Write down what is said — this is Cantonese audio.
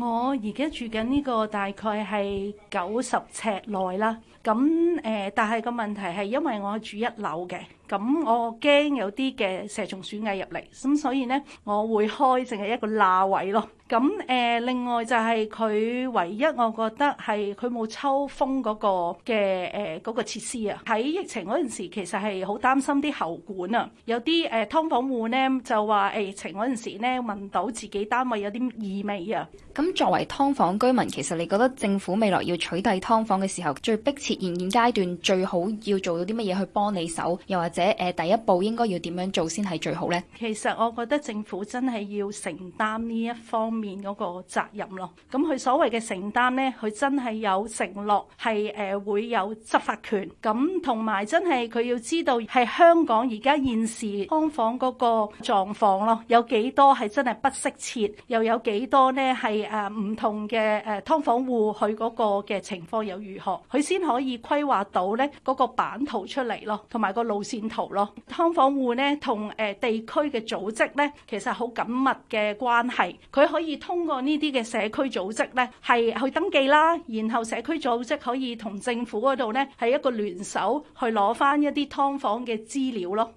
我而家住緊呢個大概係九十尺內啦，咁誒、呃，但係個問題係因為我住一樓嘅，咁我驚有啲嘅蛇蟲鼠蟻入嚟，咁所以呢，我會開淨係一個罅位咯。咁、呃、另外就係佢唯一，我覺得係佢冇抽風嗰個嘅誒嗰個設施啊。喺疫情嗰陣時其實係好擔心啲喉管啊，有啲誒劏房戶咧就話疫情嗰陣時咧聞到自己單位有啲異味啊。咁作為劏房居民，其實你覺得政府未來要取締劏房嘅時候，最迫切現現階段最好要做到啲乜嘢去幫你手，又或者誒、呃、第一步應該要點樣做先係最好咧？其實我覺得政府真係要承擔呢一方。面、那、嗰個責任咯，咁佢所謂嘅承擔咧，佢真係有承諾係誒會有執法權，咁同埋真係佢要知道係香港而家現時劏房嗰個狀況咯，有幾多係真係不適切，又有幾多咧係誒唔同嘅誒劏房戶佢嗰個嘅情況又如何，佢先可以規劃到咧嗰個版圖出嚟咯，同埋個路線圖咯。劏房戶咧同誒地區嘅組織咧，其實好緊密嘅關係，佢可以。可以通過呢啲嘅社區組織咧，係去登記啦，然後社區組織可以同政府嗰度咧係一個聯手去攞翻一啲劏房嘅資料咯。